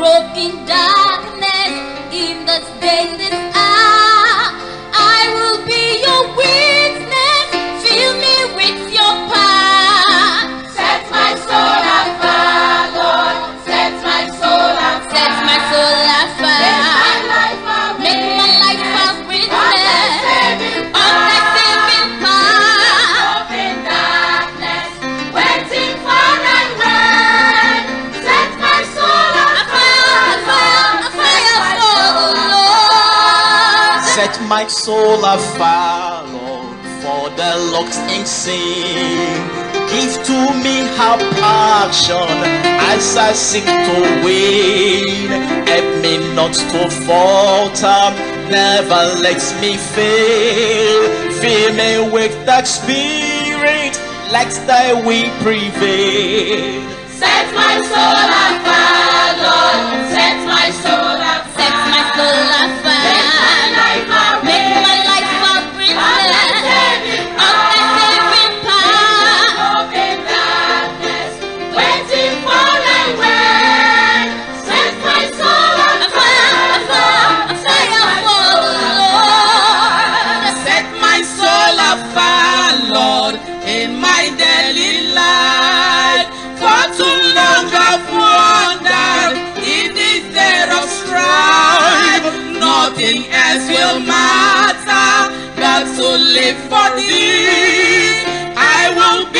broken darkness in the stainless my soul have followed, for the lost in sin. Give to me her passion as I seek to win. Help me not to falter, never let me fail. Fill me with that spirit, let thy will prevail. Set my soul i fire, Lord. for I will be.